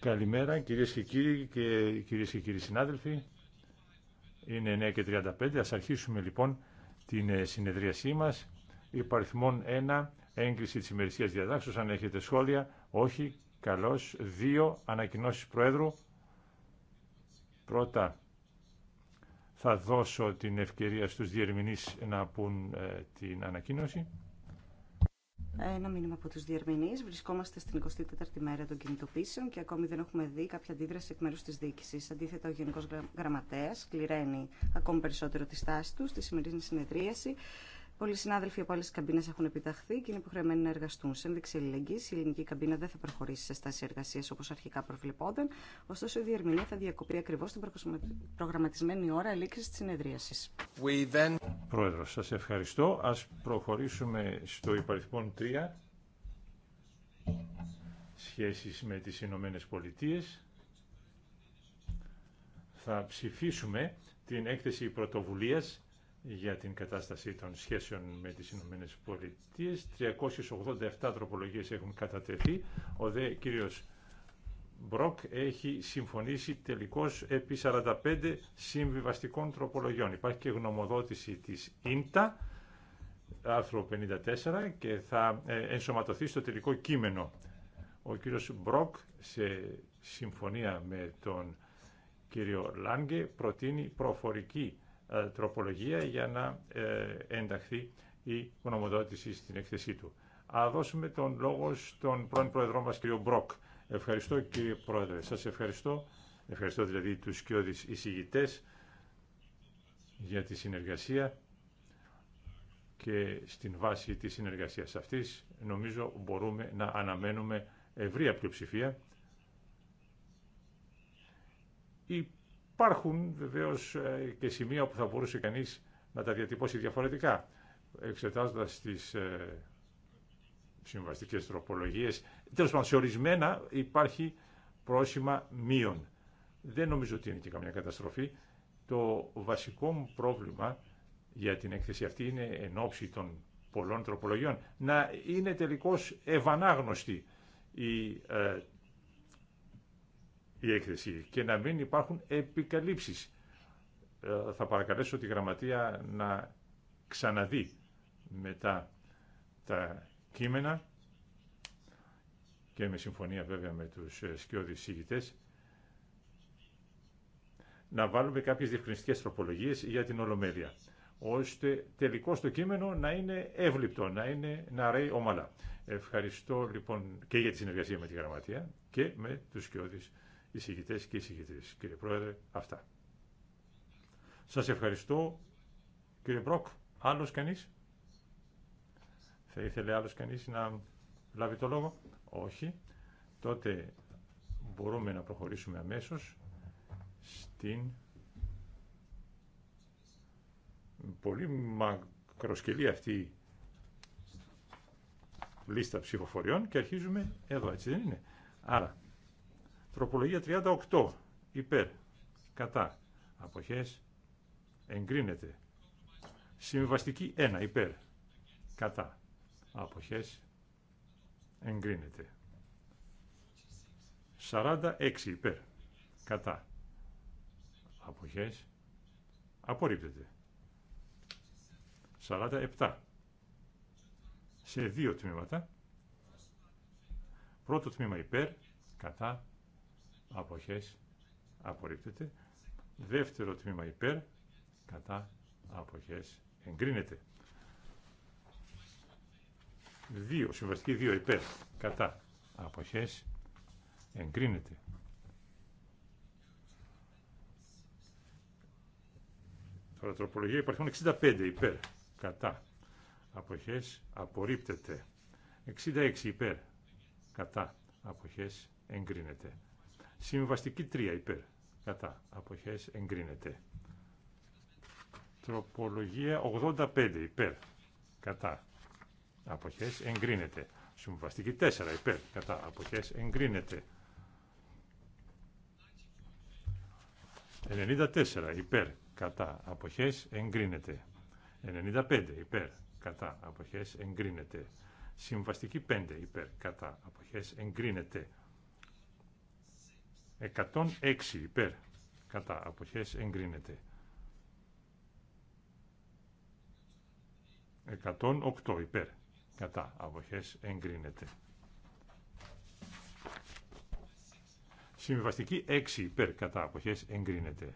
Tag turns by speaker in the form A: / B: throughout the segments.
A: Καλημέρα κυρίες και κύριοι και κυρίες και κύριοι συνάδελφοι. Είναι 9.35. Ας αρχίσουμε λοιπόν την ε, συνεδρίασή μας. Υπαριθμόν 1. Έγκριση της ημερησίας διαδάξεως, Αν έχετε σχόλια. Όχι. Καλώς. 2. Ανακοινώσεις Προέδρου. Πρώτα θα δώσω την ευκαιρία στους διερμηνείς να πούν ε, την ανακοίνωση.
B: Ένα μήνυμα από του διερμηνεί. Βρισκόμαστε στην 24η μέρα των κινητοποίησεων και ακόμη δεν έχουμε δει κάποια αντίδραση εκ μέρου τη διοίκηση. Αντίθετα, ο Γενικό Γραμματέα κληραίνει ακόμη περισσότερο τη στάση του στη σημερινή συνεδρίαση Πολλοί συνάδελφοι από άλλε καμπίνε έχουν επιταχθεί και είναι υποχρεωμένοι να εργαστούν. Σε ένδειξη αλληλεγγύη, η ελληνική καμπίνα δεν θα προχωρήσει σε στάση εργασία όπω αρχικά προβλεπόταν, ωστόσο η διερμηνία θα διακοπεί ακριβώ την προγραμματισμένη ώρα λήξη τη συνεδρίαση.
A: Then... Πρόεδρο, σα ευχαριστώ. Α προχωρήσουμε στο υπαριθμόν 3 σχέσεις με τις Ηνωμένε Πολιτείε. Θα ψηφίσουμε την έκθεση πρωτοβουλίας για την κατάσταση των σχέσεων με τις Ηνωμένες Πολιτείες. 387 τροπολογίες έχουν κατατεθεί. Ο δε κύριος Μπροκ έχει συμφωνήσει τελικώς επί 45 συμβιβαστικών τροπολογιών. Υπάρχει και γνωμοδότηση της ΙΝΤΑ, άρθρο 54, και θα ε, ενσωματωθεί στο τελικό κείμενο. Ο κύριος Μπροκ, σε συμφωνία με τον κύριο Λάγκε, προτείνει προφορική ε, τροπολογία για να ε, ενταχθεί η γνωμοδότηση στην εκθεσή του. Α δώσουμε τον λόγο στον πρώην Πρόεδρό μας, κύριο Μπροκ. Ευχαριστώ κύριε Πρόεδρε. Σας ευχαριστώ. Ευχαριστώ δηλαδή τους σκιώδεις εισηγητές για τη συνεργασία και στην βάση της συνεργασίας αυτής νομίζω μπορούμε να αναμένουμε ευρεία πλειοψηφία. Υπάρχουν βεβαίως ε, και σημεία που θα μπορούσε κανείς να τα διατυπώσει διαφορετικά. εξετάζοντα τι ε, συμβαστικέ τροπολογίε. Τέλο πάντων σε ορισμένα υπάρχει πρόσημα μείον. Δεν νομίζω ότι είναι και καμιά καταστροφή. Το βασικό μου πρόβλημα για την έκθεση αυτή είναι εν ώψη των πολλών τροπολογιών να είναι τελικώς ευανάγνωστη η ε, η έκθεση και να μην υπάρχουν επικαλύψεις. Ε, θα παρακαλέσω τη γραμματεία να ξαναδεί μετά τα κείμενα και με συμφωνία βέβαια με τους ε, σκιώδεις συγητές να βάλουμε κάποιες διευκρινιστικές τροπολογίες για την Ολομέλεια ώστε τελικό το κείμενο να είναι εύληπτο, να, είναι, να ρέει ομαλά. Ευχαριστώ λοιπόν και για τη συνεργασία με τη Γραμματεία και με τους σκιώδεις εισηγητές και εισηγητές. Κύριε Πρόεδρε, αυτά. Σας ευχαριστώ. Κύριε Μπροκ, άλλος κανείς? Θα ήθελε άλλος κανείς να λάβει το λόγο? Όχι. Τότε μπορούμε να προχωρήσουμε αμέσως στην πολύ μακροσκελή αυτή λίστα ψηφοφοριών και αρχίζουμε εδώ, έτσι δεν είναι. Άρα, Τροπολογία 38. Υπέρ. Κατά. Αποχές. Εγκρίνεται. Συμβαστική 1. Υπέρ. Κατά. Αποχές. Εγκρίνεται. 46. Υπέρ. Κατά. Αποχές. Απορρίπτεται. 47. Σε δύο τμήματα. Πρώτο τμήμα υπέρ. Κατά αποχές απορρίπτεται. Δεύτερο τμήμα υπέρ, κατά αποχές εγκρίνεται. 2, συμβαστική 2 υπέρ, κατά αποχές εγκρίνεται. Τώρα τροπολογία υπάρχουν 65 υπέρ, κατά αποχές απορρίπτεται. 66 υπέρ, κατά αποχές εγκρίνεται. Συμβαστική 3 υπέρ. Κατά. Αποχές εγκρίνεται. Τροπολογία 85 υπέρ. Κατά. Αποχές εγκρίνεται. Συμβαστική 4 υπέρ. Κατά. Αποχές εγκρίνεται. 94 υπέρ. Κατά. Αποχές εγκρίνεται. 95 υπέρ. Κατά. Αποχές εγκρίνεται. Συμβαστική 5 υπέρ. Κατά. Αποχές εγκρίνεται. 106 υπέρ κατά αποχές εγκρίνεται 108 υπέρ κατά αποχές εγκρίνεται Συμβιβαστική 6 υπέρ κατά αποχές εγκρίνεται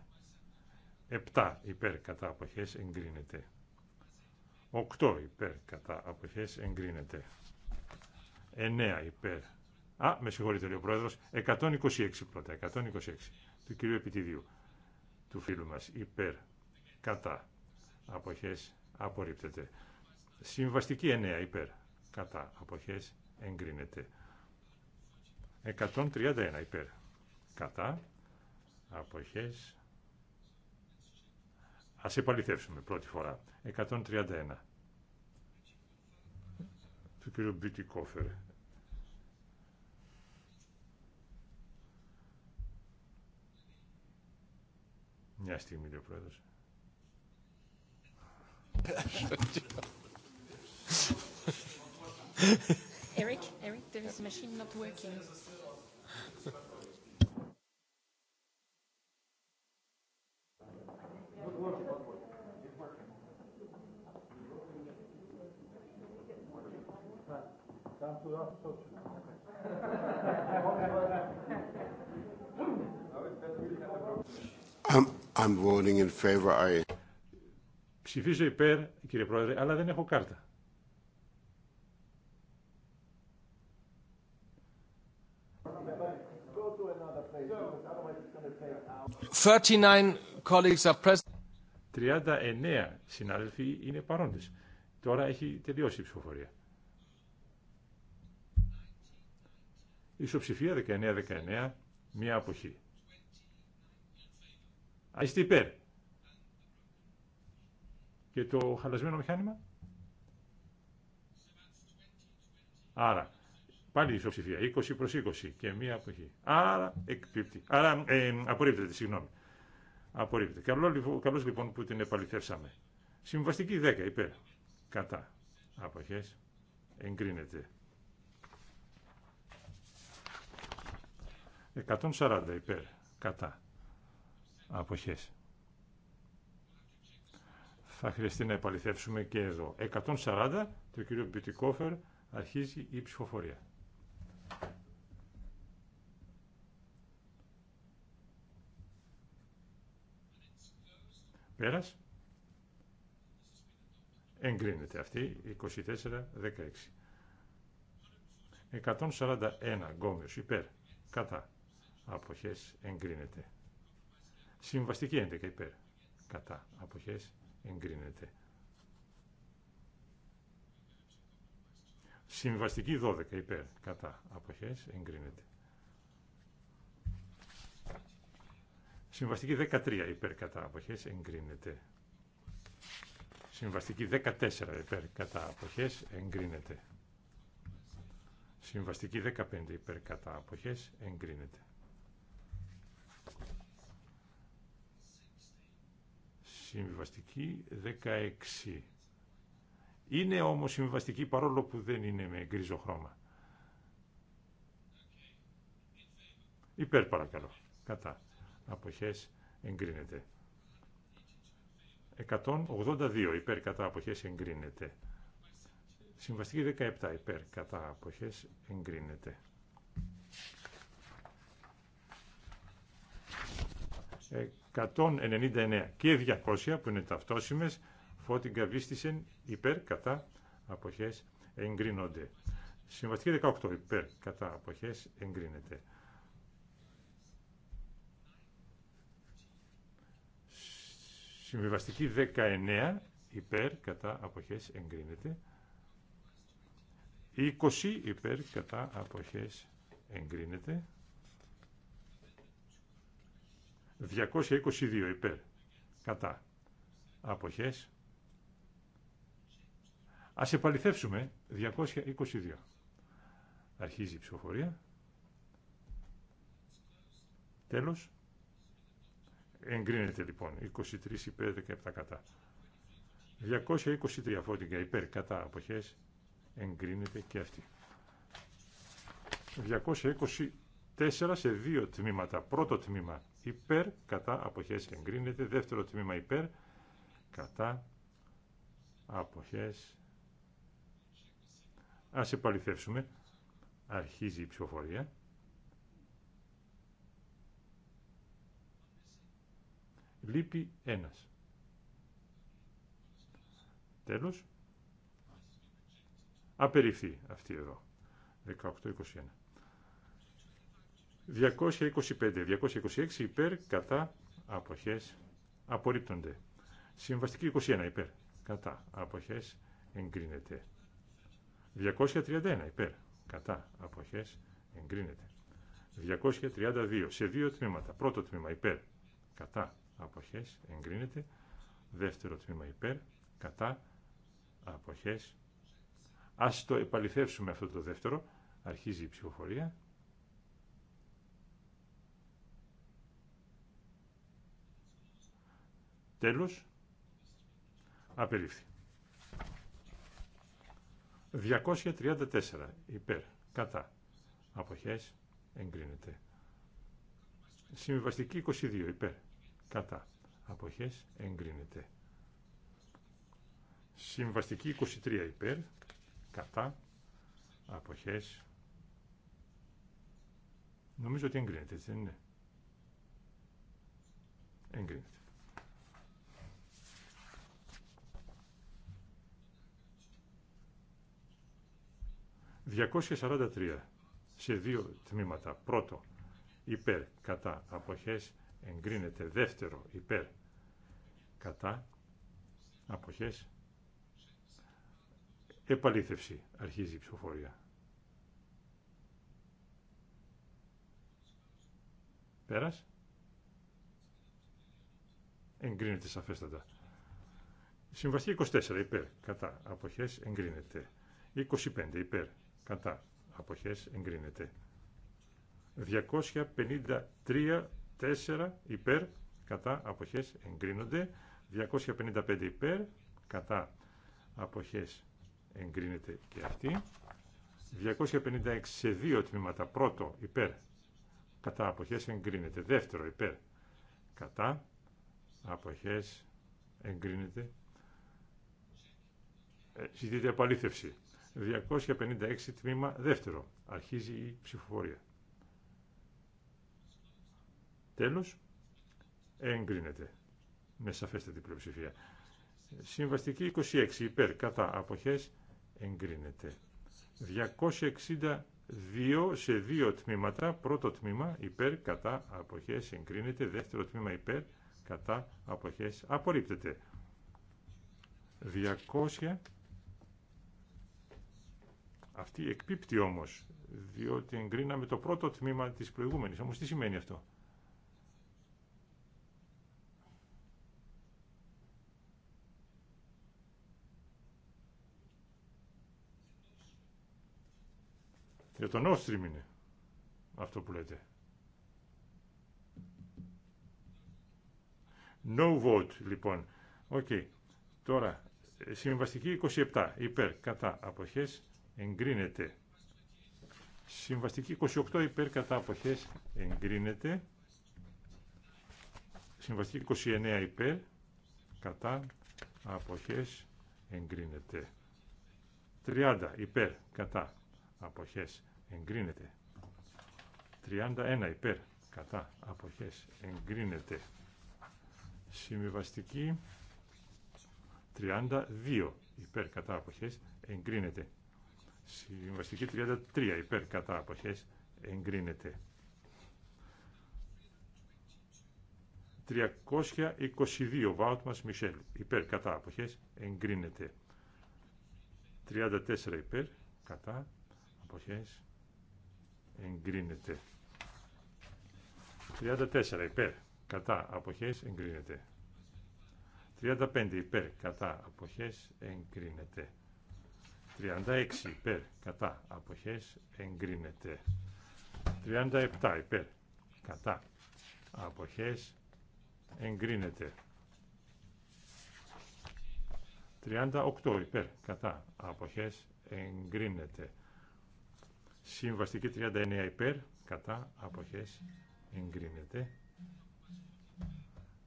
A: 7 υπέρ κατά αποχές εγκρίνεται 8 υπέρ κατά αποχές εγκρίνεται 9 υπέρ Α, με συγχωρείτε, λέει ο πρόεδρο. 126 πρώτα. 126 του κυρίου Επιτιδίου, του φίλου μα. Υπέρ. Κατά. Αποχέ. Απορρίπτεται. Συμβαστική 9. Υπέρ. Κατά. Αποχέ. Εγκρίνεται. 131 υπέρ. Κατά. Αποχέ. Α επαληθεύσουμε πρώτη φορά. 131. Του κύριου Μπιουτικόφερ. Μια στιγμή, λέει ο πρόεδρος.
C: Eric, Eric, there is a machine not working. Um, I'm voting
A: in Ψηφίζω υπέρ, κύριε Πρόεδρε, αλλά δεν έχω 39 συνάδελφοι είναι παρόντες. Τώρα έχει τελειώσει η ψηφοφορία. Ισοψηφία 19-19, μία αποχή. Α, είστε υπέρ. Και το χαλασμένο μηχάνημα. Άρα, πάλι ισοψηφία, 20 προς 20 και μία αποχή. Άρα, εκπίπτει. Άρα, ε, απορρίπτεται, συγγνώμη. Απορρίπτεται. Καλό, λοιπόν, καλώς λοιπόν που την επαληθεύσαμε. Συμβαστική 10, υπέρ. Κατά. Αποχές. Εγκρίνεται. 140 υπέρ. Κατά αποχές. Θα χρειαστεί να επαληθεύσουμε και εδώ. 140 το κύριο Μπιτικόφερ αρχίζει η ψηφοφορία. Πέρας. Εγκρίνεται αυτή 24-16. 141 γκόμιος υπέρ κατά αποχές εγκρίνεται. Συμβαστική 11 υπέρ. Κατά. Αποχές εγκρίνεται. Συμβαστική 12 υπέρ. Κατά. Αποχές εγκρίνεται. Συμβαστική 13 υπέρ κατά αποχές εγκρίνεται. Συμβαστική 14 υπέρ κατά αποχές εγκρίνεται. Συμβαστική 15 υπέρ κατά αποχές εγκρίνεται. Συμβιβαστική 16. Είναι όμως συμβιβαστική παρόλο που δεν είναι με γκρίζο χρώμα. Υπέρ παρακαλώ. Κατά. Αποχές εγκρίνεται. 182 υπέρ κατά αποχές εγκρίνεται. Συμβαστική 17 υπέρ κατά αποχές εγκρίνεται. 199 και 200 που είναι ταυτόσιμες φώτιγκα βίστησεν υπέρ κατά αποχές εγκρίνονται. Συμβαστική 18 υπέρ κατά αποχές εγκρίνεται. Συμβιβαστική 19 υπέρ κατά αποχές εγκρίνεται. 20 υπέρ κατά αποχές εγκρίνεται. 222 υπέρ. Κατά. Αποχές. Ας επαληθεύσουμε 222. Αρχίζει η ψηφοφορία. Τέλος. Εγκρίνεται λοιπόν 23 υπέρ 17 κατά. 223 φώτιγκα υπέρ κατά αποχές εγκρίνεται και αυτή. 4 σε δύο τμήματα. Πρώτο τμήμα υπέρ, κατά αποχές εγκρίνεται. Δεύτερο τμήμα υπέρ, κατά αποχές. Ας επαληθεύσουμε. Αρχίζει η ψηφοφορία. Λείπει ένας. Τέλος. Απεριφθεί αυτή εδώ. 18-21. 225, 226 υπέρ, κατά, αποχές, απορρίπτονται. Συμβαστική 21 υπέρ, κατά, αποχές, εγκρίνεται. 231 υπέρ, κατά, αποχές, εγκρίνεται. 232 σε δύο τμήματα. Πρώτο τμήμα υπέρ, κατά, αποχές, εγκρίνεται. Δεύτερο τμήμα υπέρ, κατά, αποχές. Ας το επαληθεύσουμε αυτό το δεύτερο. Αρχίζει η ψηφοφορία. Τέλος, απερίφθη. 234 υπέρ, κατά, αποχές, εγκρίνεται. Συμβιβαστική 22 υπέρ, κατά, αποχές, εγκρίνεται. Συμβαστική 23 υπέρ, κατά, αποχές, νομίζω ότι εγκρίνεται, έτσι δεν είναι. Εγκρίνεται. 243 σε δύο τμήματα. Πρώτο, υπέρ κατά αποχές εγκρίνεται. Δεύτερο, υπέρ κατά αποχές επαλήθευση. Αρχίζει η ψηφοφορία. Πέρας. Εγκρίνεται σαφέστατα. Συμβασία 24 υπέρ κατά αποχές εγκρίνεται. 25 υπέρ κατά αποχές εγκρίνεται 253 4 υπέρ κατά αποχές εγκρίνονται 255 υπέρ κατά αποχές εγκρίνεται και αυτή 256 σε δύο τμήματα πρώτο υπέρ κατά αποχές εγκρίνεται δεύτερο υπέρ κατά αποχές εγκρίνεται ε, επαλήθευση 256 τμήμα δεύτερο. Αρχίζει η ψηφοφορία. Τέλος, εγκρίνεται με σαφέστατη πλειοψηφία. Συμβαστική 26 υπέρ κατά αποχές εγκρίνεται. 262 σε δύο τμήματα, πρώτο τμήμα υπέρ κατά αποχές εγκρίνεται, δεύτερο τμήμα υπέρ κατά αποχές απορρίπτεται. Αυτή εκπίπτει όμω, διότι εγκρίναμε το πρώτο τμήμα της προηγούμενης. Όμω τι σημαίνει αυτό. Για τον Nord είναι αυτό που λέτε. No vote, λοιπόν. Οκ. Okay. Τώρα, συμβαστική 27. Υπέρ, κατά, αποχές, εγκρίνεται. Συμβαστική 28 υπέρ κατά αποχές εγκρίνεται. Συμβαστική 29 υπέρ κατά αποχές εγκρίνεται. 30 υπέρ κατά αποχές εγκρίνεται. 31 υπέρ κατά αποχές εγκρίνεται. Συμβαστική 32 υπέρ κατά αποχές εγκρίνεται. Συμβαστική 33 υπέρ κατά αποχές εγκρίνεται. 322 μας Μισελ υπέρ κατά αποχές εγκρίνεται. 34 υπέρ κατά αποχές εγκρίνεται. 34 υπέρ κατά αποχές εγκρίνεται. 35 υπέρ κατά αποχές εγκρίνεται. 36 υπέρ κατά αποχές εγκρίνεται. 37 υπέρ κατά αποχές εγκρίνεται. 38 υπέρ κατά αποχές εγκρίνεται. Συμβαστική 39 υπέρ κατά αποχές εγκρίνεται.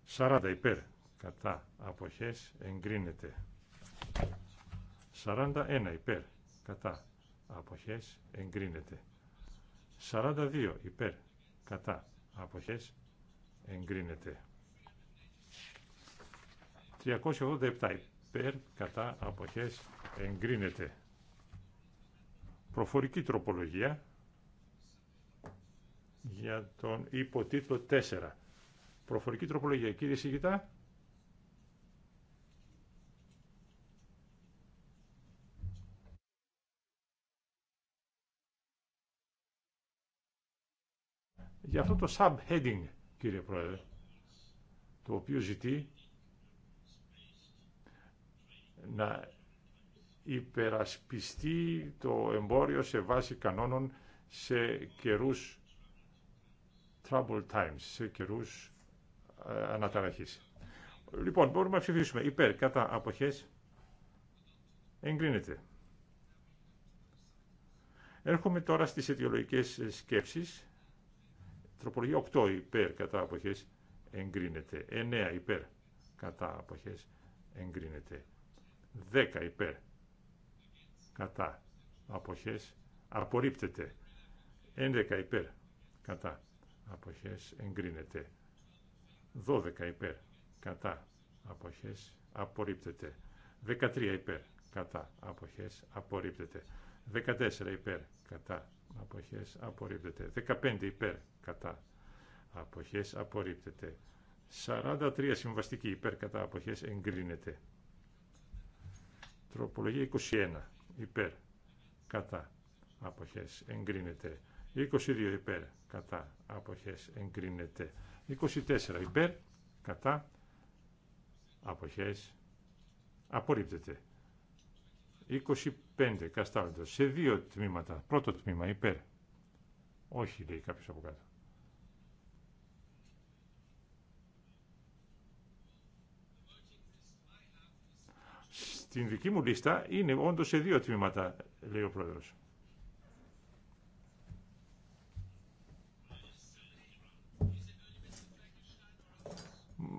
A: 40 υπέρ κατά αποχές εγκρίνεται. 41 υπέρ κατά αποχές εγκρίνεται. 42 υπέρ κατά αποχές εγκρίνεται. 387 υπέρ κατά αποχές εγκρίνεται. Προφορική τροπολογία για τον υποτίτλο 4. Προφορική τροπολογία. Κύριε Σιγητά. για αυτό το subheading, κύριε Πρόεδρε, το οποίο ζητεί να υπερασπιστεί το εμπόριο σε βάση κανόνων σε καιρούς trouble times, σε καιρούς ε, αναταραχής. Λοιπόν, μπορούμε να ψηφίσουμε υπέρ, κατά αποχές, εγκρίνεται. Έρχομαι τώρα στις αιτιολογικές σκέψεις. Τροπολογία 8 υπέρ κατά αποχές εγκρίνεται. 9 υπέρ κατά αποχές εγκρίνεται. 10 υπέρ κατά αποχές απορρίπτεται. 11 υπέρ κατά αποχές εγκρίνεται. 12 υπέρ κατά αποχές απορρίπτεται. 13 υπέρ κατά αποχές απορρίπτεται. 14 υπέρ κατά αποχές απορρίπτεται. 15 υπέρ κατά αποχές απορρίπτεται. 43 συμβαστική υπέρ κατά αποχές εγκρίνεται. Τροπολογία 21 υπέρ κατά αποχές εγκρίνεται. 22 υπέρ κατά αποχές εγκρίνεται. 24 υπέρ κατά αποχές απορρίπτεται. 25 Καστάλντο σε δύο τμήματα. Πρώτο τμήμα υπέρ. Όχι λέει κάποιος από κάτω. Στην δική μου λίστα είναι όντως σε δύο τμήματα λέει ο πρόεδρος.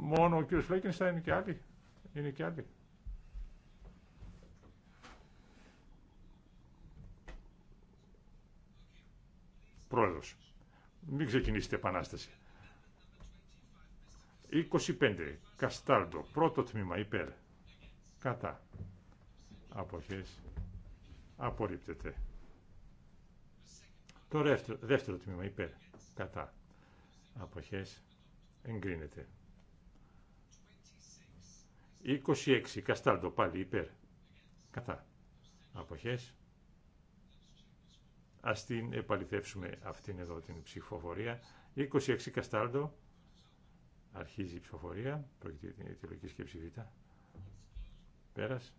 A: Μόνο ο κύριος είναι και άλλοι. Είναι και άλλοι. μην ξεκινήσετε επανάσταση. 25. Καστάλτο. Πρώτο τμήμα. Υπέρ. Κατά. Αποχές. Απορρίπτεται. Το δεύτερο, δεύτερο τμήμα. Υπέρ. Κατά. Αποχές. Εγκρίνεται. 26. Καστάλτο. Πάλι. Υπέρ. Κατά. Αποχές. Ας την επαληθεύσουμε αυτήν εδώ την ψηφοφορία. 26 Καστάλτο. Αρχίζει η ψηφοφορία. Πρόκειται για την αιτιολογική σκέψη Β. Πέρας.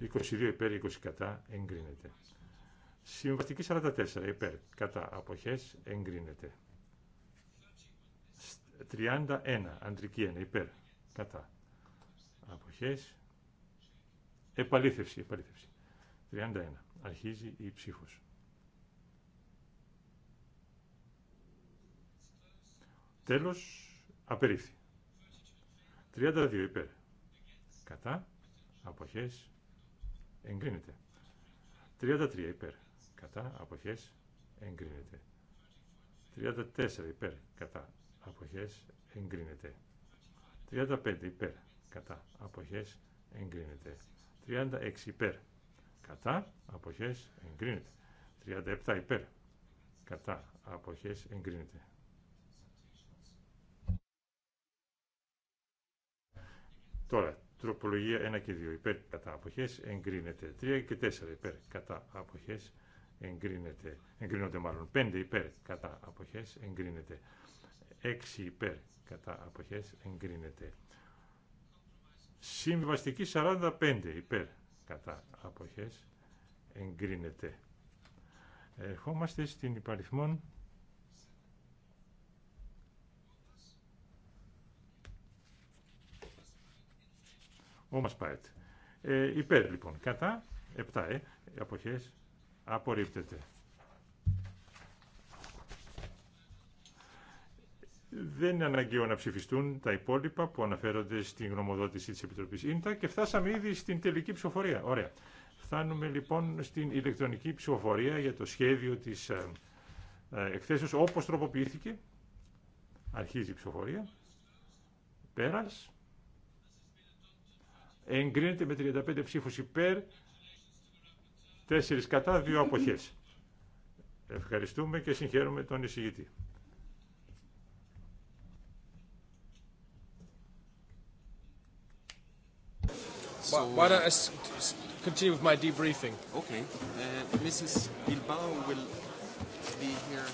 A: 22 υπέρ, 20 κατά, εγκρίνεται. Συμβαστική 44 υπέρ, κατά, αποχές, εγκρίνεται. 31, αντρική 1, υπέρ, κατά, αποχές, επαλήθευση, επαλήθευση. 31. Αρχίζει η ψήφος. Τέλος, απερίφθη. 32 υπέρ. Κατά, αποχές, εγκρίνεται. 33 υπέρ. Κατά, αποχές, εγκρίνεται. 34 υπέρ. Κατά, αποχές, εγκρίνεται. 35 υπέρ. Κατά, αποχές, εγκρίνεται. 36 υπέρ κατά αποχές εγκρίνεται. 37 υπέρ κατά αποχές εγκρίνεται. Τώρα, τροπολογία 1 και 2 υπέρ κατά αποχές εγκρίνεται. 3 και 4 υπέρ κατά αποχές εγκρίνεται. Εγκρίνονται μάλλον 5 υπέρ κατά αποχές εγκρίνεται. 6 υπέρ κατά αποχές εγκρίνεται. Συμβαστική 45 υπέρ κατά αποχές εγκρίνεται. Ερχόμαστε στην υπαριθμόν 8 ε, υπέρ λοιπόν, κατά 7 ε, αποχές απορρίπτεται. Δεν είναι αναγκαίο να ψηφιστούν τα υπόλοιπα που αναφέρονται στην γνωμοδότηση της Επιτροπής ΙΝΤΑ και φτάσαμε ήδη στην τελική ψηφοφορία. Ωραία. Φτάνουμε λοιπόν στην ηλεκτρονική ψηφοφορία για το σχέδιο της ε, ε, εκθέσεως όπως τροποποιήθηκε. Αρχίζει η ψηφοφορία. Πέρας. Εγκρίνεται με 35 ψήφους υπέρ, 4 κατά, 2 αποχές. Ευχαριστούμε και συγχαίρουμε τον εισηγητή. Why don't I
C: continue with my debriefing? Okay. Uh Mrs. Bilbao will be here.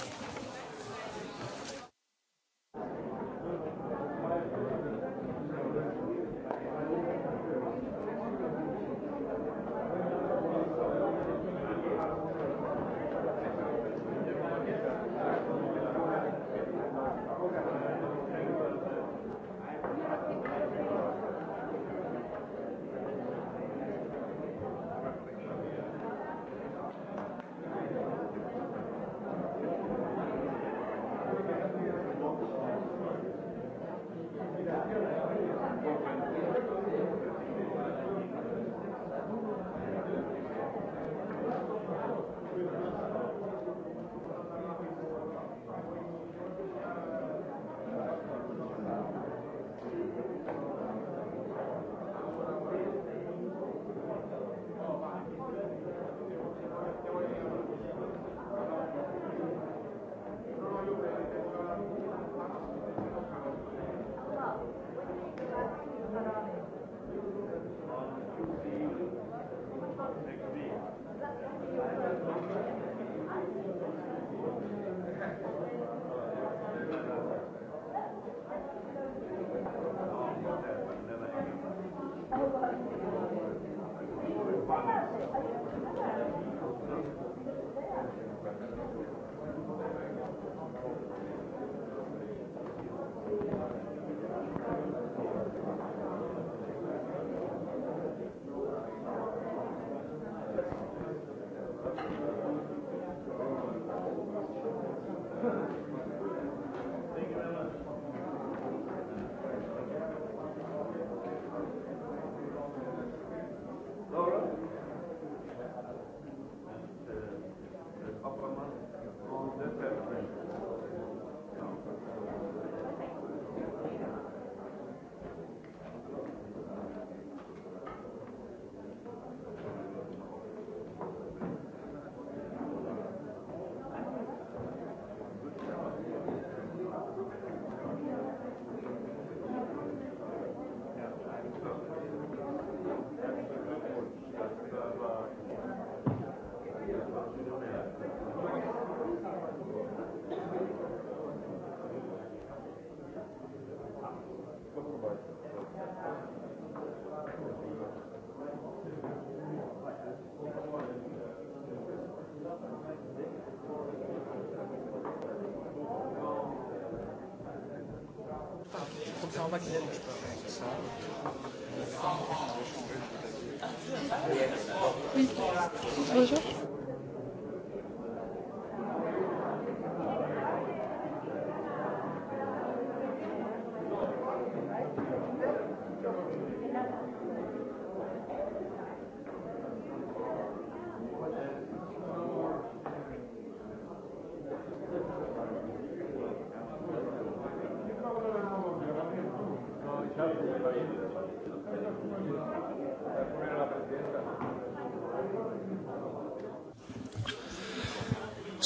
C: Bonjour.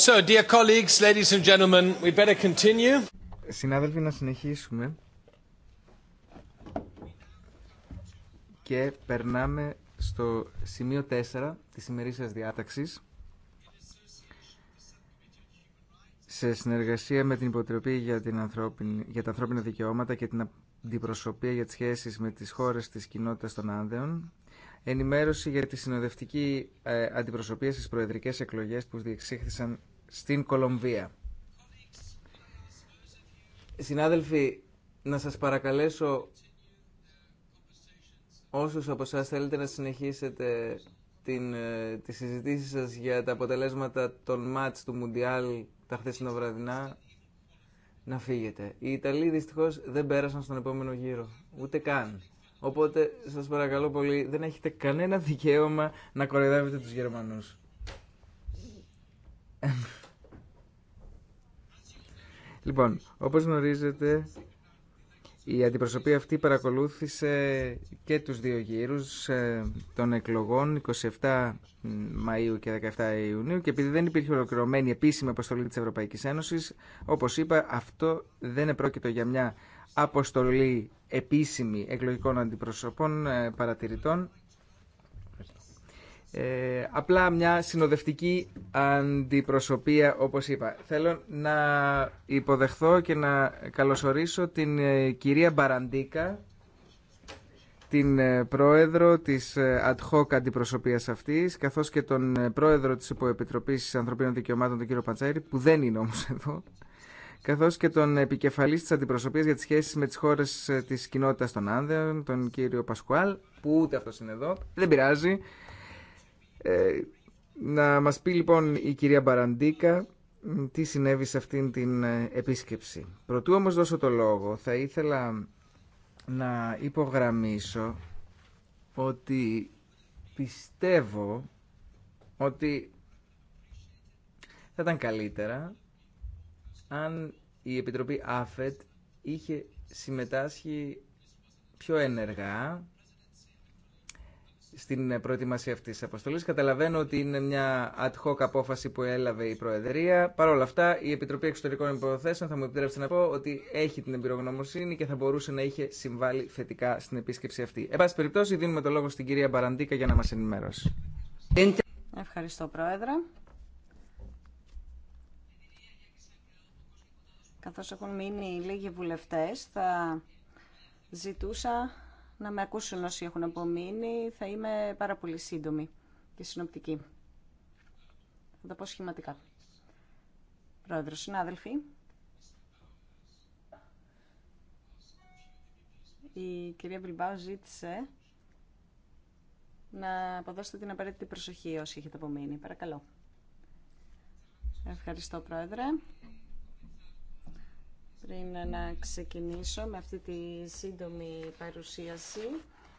C: So, dear colleagues,
D: ladies and gentlemen, we better continue. Συνάδελφοι, να συνεχίσουμε. Και περνάμε στο σημείο 4 της ημερήσιας διάταξης. Σε συνεργασία με την Υποτροπή για, την ανθρώπινη, για τα ανθρώπινα δικαιώματα και την αντιπροσωπεία για τις σχέσεις με τις χώρες της κοινότητας των Άνδεων, ενημέρωση για τη συνοδευτική ε, αντιπροσωπεία στις προεδρικές εκλογές που διεξήχθησαν στην Κολομβία. Συνάδελφοι, να σας παρακαλέσω όσους από εσάς θέλετε να συνεχίσετε την, ε, τη τις σας για τα αποτελέσματα των μάτς του Μουντιάλ τα χθεσινά βραδινά να φύγετε. Οι Ιταλοί δυστυχώς δεν πέρασαν στον επόμενο γύρο, ούτε καν. Οπότε σας παρακαλώ πολύ, δεν έχετε κανένα δικαίωμα να κοροϊδεύετε τους Γερμανούς. Λοιπόν, όπως γνωρίζετε, η αντιπροσωπή αυτή παρακολούθησε και τους δύο γύρους ε, των εκλογών 27 Μαΐου και 17 Ιουνίου και επειδή δεν υπήρχε ολοκληρωμένη επίσημη αποστολή της Ευρωπαϊκής Ένωσης, όπως είπα, αυτό δεν επρόκειτο για μια αποστολή επίσημη εκλογικών αντιπροσωπών ε, παρατηρητών ε, απλά μια συνοδευτική αντιπροσωπεία όπως είπα. Θέλω να υποδεχθώ και να καλωσορίσω την ε, κυρία Μπαραντίκα την ε, πρόεδρο της ε, ad hoc αντιπροσωπείας αυτής καθώς και τον πρόεδρο της Υποεπιτροπής Ανθρωπίνων Δικαιωμάτων τον κύριο Παντσάρη, που δεν είναι όμως εδώ καθώς και τον επικεφαλής της αντιπροσωπείας για τις σχέσεις με τις χώρες της κοινότητας των Άνδεων τον κύριο Πασκουάλ που ούτε αυτός είναι εδώ, δεν πειράζει ε, να μας πει λοιπόν η κυρία Μπαραντίκα τι συνέβη σε αυτήν την ε, επίσκεψη. Πρωτού όμως δώσω το λόγο, θα ήθελα να υπογραμμίσω ότι πιστεύω ότι θα ήταν καλύτερα αν η Επιτροπή ΑΦΕΤ είχε συμμετάσχει πιο ενεργά στην προετοιμασία αυτή τη αποστολή. Καταλαβαίνω ότι είναι μια ad hoc απόφαση που έλαβε η Προεδρία. Παρ' όλα αυτά, η Επιτροπή Εξωτερικών Υποθέσεων θα μου επιτρέψει να πω ότι έχει την εμπειρογνωμοσύνη και θα μπορούσε να είχε συμβάλει θετικά στην επίσκεψη αυτή. Εν πάση περιπτώσει, δίνουμε το λόγο στην κυρία Μπαραντίκα για να μα ενημερώσει.
B: Ευχαριστώ, Πρόεδρε. Καθώς έχουν μείνει λίγοι βουλευτές, θα ζητούσα να με ακούσουν όσοι έχουν απομείνει. Θα είμαι πάρα πολύ σύντομη και συνοπτική. Θα τα πω σχηματικά. Πρόεδρος, συνάδελφοι. Η κυρία Μπιλμπάου ζήτησε να αποδώσετε την απαραίτητη προσοχή όσοι έχετε απομείνει. Παρακαλώ. Ευχαριστώ, Πρόεδρε πριν να ξεκινήσω με αυτή τη σύντομη παρουσίαση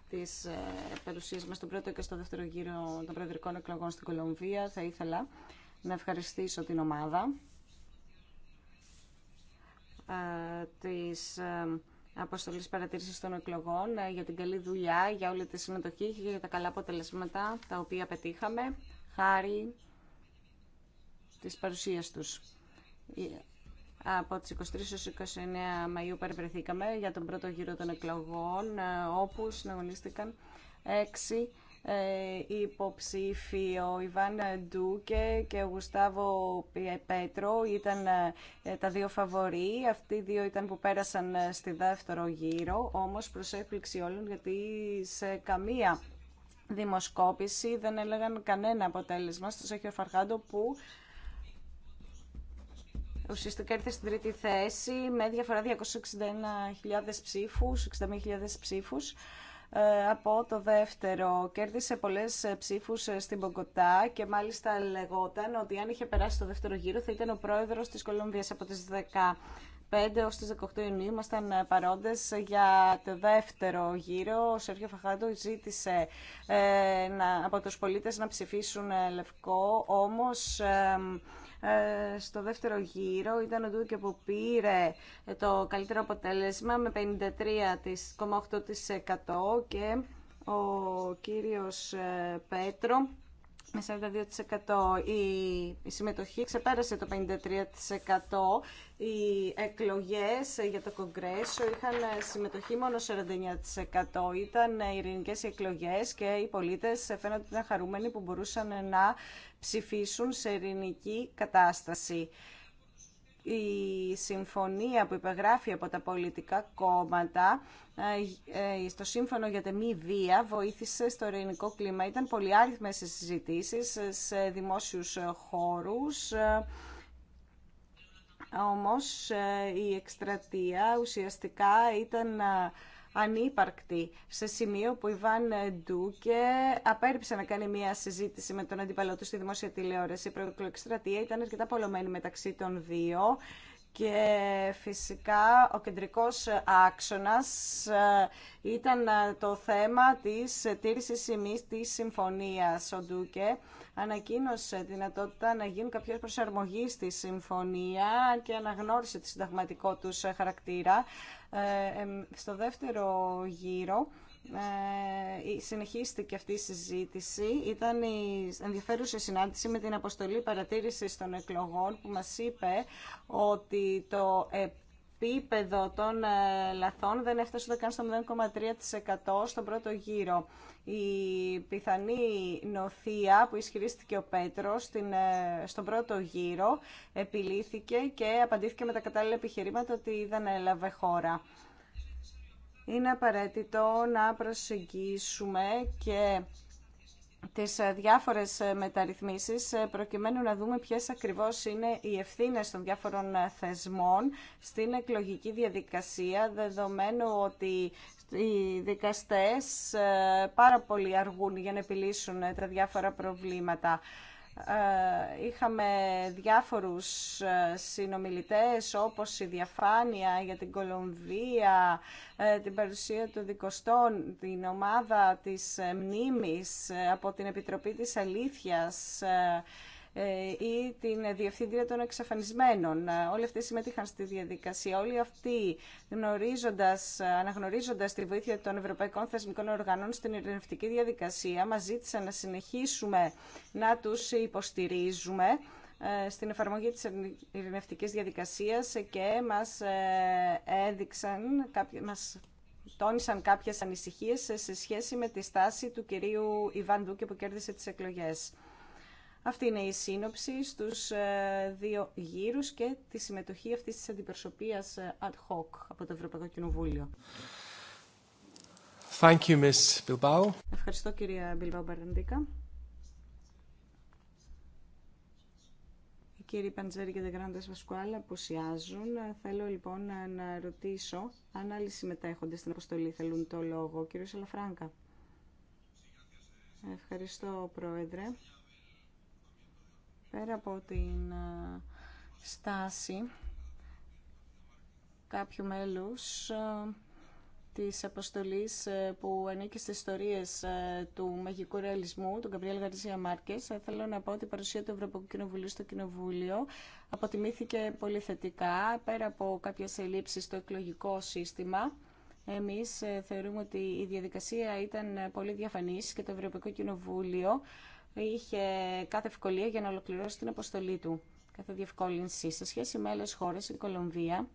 B: της ε, παρουσίας μας στον πρώτο και στο δεύτερο γύρο των προεδρικών εκλογών στην Κολομβία, θα ήθελα να ευχαριστήσω την ομάδα ε, της ε, Αποστολής Παρατήρησης των Εκλογών για την καλή δουλειά, για όλη τη συμμετοχή και για τα καλά αποτελέσματα τα οποία πετύχαμε χάρη της παρουσίας τους από τις 23 ως 29 Μαΐου παρευρεθήκαμε για τον πρώτο γύρο των εκλογών ε, όπου συναγωνίστηκαν έξι ε, υποψήφοι ο Ιβάν Ντούκε και ο Γουστάβο ε, Πέτρο ήταν τα δύο φαβοροί. Αυτοί οι δύο ήταν που πέρασαν στη δεύτερο γύρο, όμως προς έκπληξη όλων γιατί σε καμία δημοσκόπηση δεν έλεγαν κανένα αποτέλεσμα στο Σέχιο Φαρχάντο που ουσιαστικά ήρθε στην τρίτη θέση με διαφορά 261.000 ψήφους, 60.000 ψήφους ε, από το δεύτερο. Κέρδισε πολλές ψήφους ε, στην Μπογκοτά και μάλιστα λεγόταν ότι αν είχε περάσει το δεύτερο γύρο θα ήταν ο πρόεδρος της Κολομβίας από τις 15 ως τι τις 18 Ιουνίου ήμασταν παρόντες για το δεύτερο γύρο. Ο Σέρχιο Φαχάντο ζήτησε ε, από τους πολίτες να ψηφίσουν λευκό, όμως ε, στο δεύτερο γύρο ήταν ο Ντούκε που πήρε το καλύτερο αποτέλεσμα με 53,8% και ο κύριος ε, Πέτρο με 42%. Η συμμετοχή ξεπέρασε το 53%. Οι εκλογές για το Κογκρέσο είχαν συμμετοχή μόνο 49%. Ήταν ειρηνικές εκλογές και οι πολίτες φαίνονται χαρούμενοι που μπορούσαν να ψηφίσουν σε ειρηνική κατάσταση η συμφωνία που υπεγράφει από τα πολιτικά κόμματα ε, ε, στο σύμφωνο για τη μη βία βοήθησε στο ειρηνικό κλίμα. Ήταν οι συζητήσεις ε, σε δημόσιους χώρους. Όμως η εκστρατεία ουσιαστικά ήταν ανύπαρκτη σε σημείο που η Βαν Ντούκε απέρριψε να κάνει μια συζήτηση με τον αντιπαλό του στη δημόσια τηλεόραση. Η προεκλογική στρατεία ήταν αρκετά πολλωμένη μεταξύ των δύο και φυσικά ο κεντρικός άξονας ε, ήταν ε, το θέμα της τήρησης ημής της συμφωνίας ο Ντούκε ανακοίνωσε τη δυνατότητα να γίνουν κάποιες προσαρμογή στη συμφωνία και αναγνώρισε τη συνταγματικό του χαρακτήρα. Ε, στο δεύτερο γύρο ε, συνεχίστηκε αυτή η συζήτηση. Ήταν η ενδιαφέρουσα συνάντηση με την αποστολή παρατήρησης των εκλογών που μας είπε ότι το επίπεδο των ε, λαθών δεν έφτασε ούτε καν στο 0,3% στον πρώτο γύρο. Η πιθανή νοθεία που ισχυρίστηκε ο Πέτρος ε, στον πρώτο γύρο επιλύθηκε και απαντήθηκε με τα κατάλληλα επιχειρήματα ότι δεν έλαβε χώρα. Είναι απαραίτητο να προσεγγίσουμε και τις ε, διάφορες ε, μεταρρυθμίσεις ε, προκειμένου να δούμε ποιες ακριβώς είναι οι ευθύνες των διάφορων θεσμών στην εκλογική διαδικασία δεδομένου ότι οι δικαστές πάρα πολύ αργούν για να επιλύσουν τα διάφορα προβλήματα. Ε, είχαμε διάφορους ε, συνομιλητές όπως η διαφάνεια για την Κολομβία, ε, την παρουσία των δικοστών, την ομάδα της μνήμης από την Επιτροπή της Αλήθειας, ε, ή την Διευθύντρια των Εξαφανισμένων. Ε, όλοι αυτοί συμμετείχαν στη διαδικασία. Όλοι αυτοί γνωρίζοντας, αναγνωρίζοντας τη βοήθεια των Ευρωπαϊκών Θεσμικών Οργανών στην ειρηνευτική διαδικασία μας ζήτησαν να συνεχίσουμε να τους υποστηρίζουμε ε, στην εφαρμογή της ειρηνευτικής διαδικασίας και μας έδειξαν, μας τόνισαν κάποιες ανησυχίες σε σχέση με τη στάση του κυρίου Ιβάν που κέρδισε τις εκλογές. Αυτή είναι η σύνοψη στους ε, δύο γύρους και τη συμμετοχή αυτής της αντιπροσωπείας ε, ad hoc από το Ευρωπαϊκό Κοινοβούλιο.
C: Thank you, Ms. Bilbao.
B: Ευχαριστώ κυρία Μπιλμπάου Μπαραντίκα. Οι κύριοι Παντζέρη και Δεγκράντες Βασκουάλα αποσιάζουν. Θέλω λοιπόν να ρωτήσω αν άλλοι συμμετέχονται στην αποστολή θέλουν το λόγο. Κύριε Σαλαφράγκα. Ευχαριστώ, Πρόεδρε πέρα από την ε, στάση κάποιου μέλους ε, της αποστολής ε, που ανήκει στις ιστορίες του μαγικού ρεαλισμού, τον Καβριέλ Γαρσία Μάρκες. Θέλω να πω ότι η παρουσία του Ευρωπαϊκού Κοινοβουλίου στο Κοινοβούλιο αποτιμήθηκε πολύ θετικά, πέρα από κάποιες ελλείψεις στο εκλογικό σύστημα. Εμείς θεωρούμε ότι η διαδικασία ήταν πολύ διαφανής και το Ευρωπαϊκό Κοινοβούλιο είχε κάθε ευκολία για να ολοκληρώσει την αποστολή του, κάθε διευκόλυνση. Σε σχέση με άλλε χώρες, η Κολομβία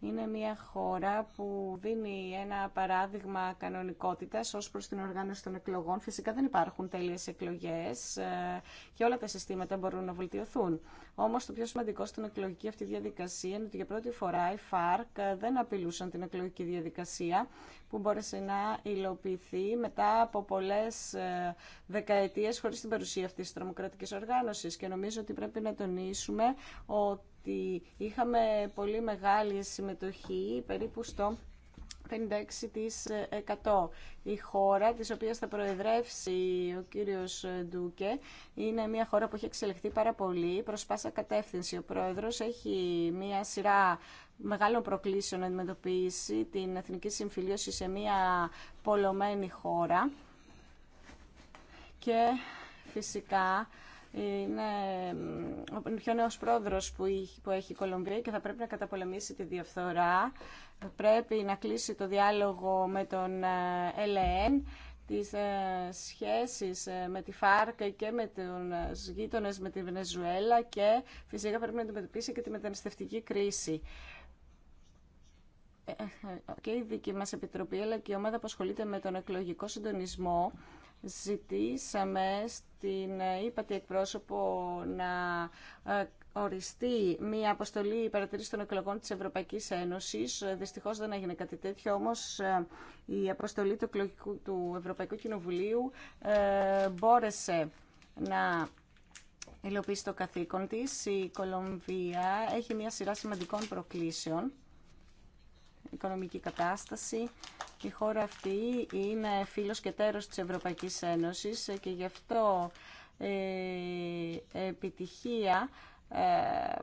B: είναι μια χώρα που δίνει ένα παράδειγμα κανονικότητας ως προς την οργάνωση των εκλογών. Φυσικά δεν υπάρχουν τέλειες εκλογές ε, και όλα τα συστήματα μπορούν να βελτιωθούν. Όμως το πιο σημαντικό στην εκλογική αυτή διαδικασία είναι ότι για πρώτη φορά οι ΦΑΡΚ ε, δεν απειλούσαν την εκλογική διαδικασία που μπόρεσε να υλοποιηθεί μετά από πολλές ε, δεκαετίες χωρίς την παρουσία αυτής της τρομοκρατικής οργάνωσης. Και νομίζω ότι πρέπει να τονίσουμε ότι είχαμε πολύ μεγάλη συμμετοχή, περίπου στο 56%. Η χώρα της οποίας θα προεδρεύσει ο κύριος Ντούκε είναι μια χώρα που έχει εξελιχθεί πάρα πολύ προς πάσα κατεύθυνση. Ο πρόεδρος έχει μια σειρά μεγάλων προκλήσεων να αντιμετωπίσει την εθνική συμφιλίωση σε μια πολλωμένη χώρα και φυσικά είναι ο πιο νέος πρόεδρος που, έχει η Κολομβία και θα πρέπει να καταπολεμήσει τη διαφθορά. Πρέπει να κλείσει το διάλογο με τον ε, ΕΛΕΝ τις ε, σχέσεις ε, με τη ΦΑΡΚ και με τους γείτονες με τη Βενεζουέλα και φυσικά πρέπει να αντιμετωπίσει και τη μεταναστευτική κρίση. Και η δική μας επιτροπή αλλά και η ομάδα που ασχολείται με τον εκλογικό συντονισμό ζητήσαμε στην ύπατη ε, εκπρόσωπο να ε, οριστεί μια αποστολή παρατηρήση των εκλογών της Ευρωπαϊκής Ένωσης. Ε, δυστυχώς δεν έγινε κάτι τέτοιο, όμως η αποστολή του, του Ευρωπαϊκού Κοινοβουλίου ε, μπόρεσε να υλοποιήσει το καθήκον της. Η Κολομβία έχει μια σειρά σημαντικών προκλήσεων οικονομική κατάσταση. Η χώρα αυτή είναι φίλος και τέρος της Ευρωπαϊκής Ένωσης και γι' αυτό η ε, επιτυχία ε,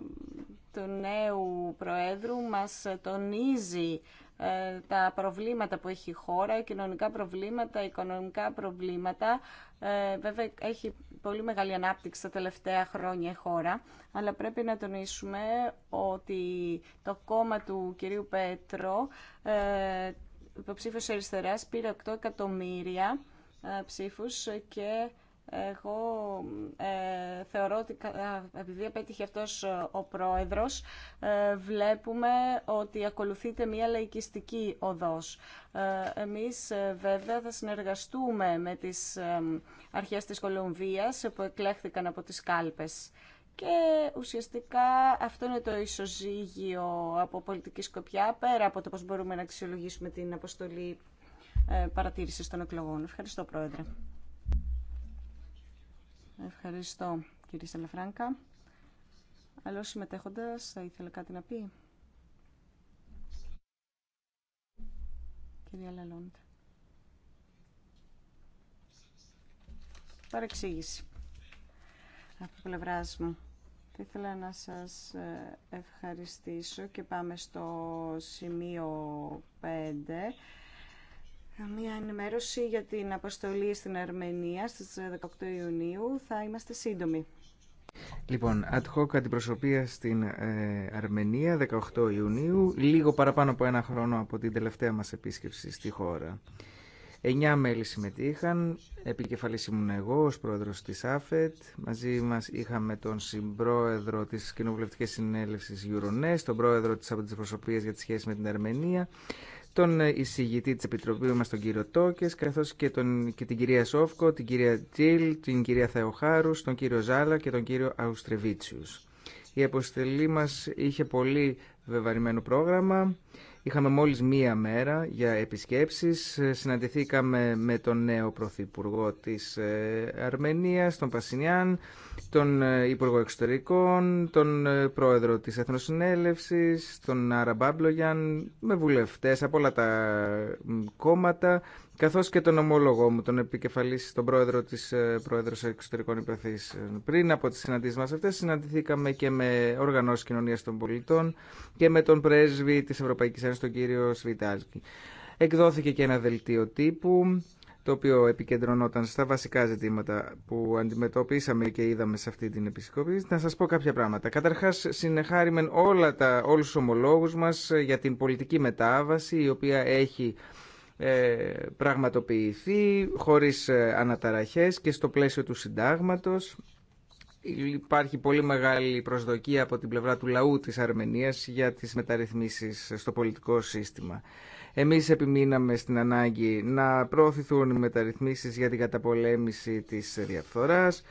B: του νέου Προέδρου μας τονίζει ε, τα προβλήματα που έχει η χώρα, κοινωνικά προβλήματα, οικονομικά προβλήματα. Ε, βέβαια έχει πολύ μεγάλη ανάπτυξη τα τελευταία χρόνια η χώρα, αλλά πρέπει να τονίσουμε ότι το κόμμα του κυρίου Πέτρο, ε, υποψήφιος αριστεράς, πήρε 8 εκατομμύρια ψήφους και εγώ ε, θεωρώ ότι ε, επειδή απέτυχε αυτός ε, ο πρόεδρος, ε, βλέπουμε ότι ακολουθείται μια λαϊκιστική οδός. Ε, εμείς βέβαια θα συνεργαστούμε με τις αρχές της Κολομβίας που εκλέχθηκαν από τις κάλπες. Και ουσιαστικά αυτό είναι το ισοζύγιο από πολιτική σκοπιά, πέρα από το πώς μπορούμε να αξιολογήσουμε την αποστολή παρατήρησης των εκλογών. Ευχαριστώ, Πρόεδρε. Ευχαριστώ κύριε Σαλαφράγκα. Αλλά συμμετέχοντας θα ήθελα κάτι να πει. Κυρία Λαλόντ. Παρεξήγηση από πλευρά μου. Θα ήθελα να σας ε, ευχαριστήσω και πάμε στο σημείο 5 Μία ενημέρωση για την αποστολή στην Αρμενία στις 18 ε, Ιουνίου. Θα είμαστε σύντομοι.
D: Λοιπόν, ad hoc αντιπροσωπεία στην ε, Αρμενία, 18 Ιουνίου, λίγο παραπάνω από ένα χρόνο από την τελευταία μας επίσκεψη στη χώρα. Εννιά μέλη συμμετείχαν, επικεφαλής ήμουν εγώ ως πρόεδρος της ΑΦΕΤ, μαζί μας είχαμε τον συμπρόεδρο της Κοινοβουλευτικής Συνέλευσης Euronest, τον πρόεδρο της Αντιπροσωπείας για τις σχέσεις με την Αρμενία, τον εισηγητή της Επιτροπής μας, τον κύριο Τόκες, καθώς και, τον, και την κυρία Σόφκο, την κυρία Τζιλ, την κυρία Θεοχάρου, τον κύριο Ζάλα και τον κύριο Αουστρεβίτσιους. Η αποστελή μας είχε πολύ βεβαρημένο πρόγραμμα. Είχαμε μόλις μία μέρα για επισκέψεις. Ε, συναντηθήκαμε με τον νέο Πρωθυπουργό της ε, Αρμενίας, τον Πασινιάν, τον ε, Υπουργό Εξωτερικών, τον Πρόεδρο της Εθνοσυνέλευσης, τον Άρα Μπάμπλογιαν, με βουλευτές από όλα τα κόμματα Καθώ και τον ομόλογό μου, τον επικεφαλή τον πρόεδρο τη ε, πρόεδρο Εξωτερικών Υπηρεθήσεων. Πριν από τι συναντήσει μα αυτέ, συναντηθήκαμε και με οργανώσει Κοινωνία των πολιτών και με τον πρέσβη τη Ευρωπαϊκή Ένωση τον κύριο Σβιτάλκη. Εκδόθηκε και ένα δελτίο τύπου, το οποίο επικεντρωνόταν στα βασικά ζητήματα που αντιμετωπίσαμε και είδαμε σε αυτή την επισκοπή. Να σα πω κάποια πράγματα. Καταρχάς, συνεχάριμεν όλα τα, ομολόγου μα για την πολιτική μετάβαση, η οποία έχει ε, πραγματοποιηθεί χωρίς ε, αναταραχές και στο πλαίσιο του συντάγματος. Υπάρχει πολύ μεγάλη προσδοκία από την πλευρά του λαού της Αρμενίας για τις μεταρρυθμίσεις στο πολιτικό σύστημα. Εμείς επιμείναμε στην ανάγκη να προωθηθούν οι μεταρρυθμίσεις για την καταπολέμηση της διαφθοράς,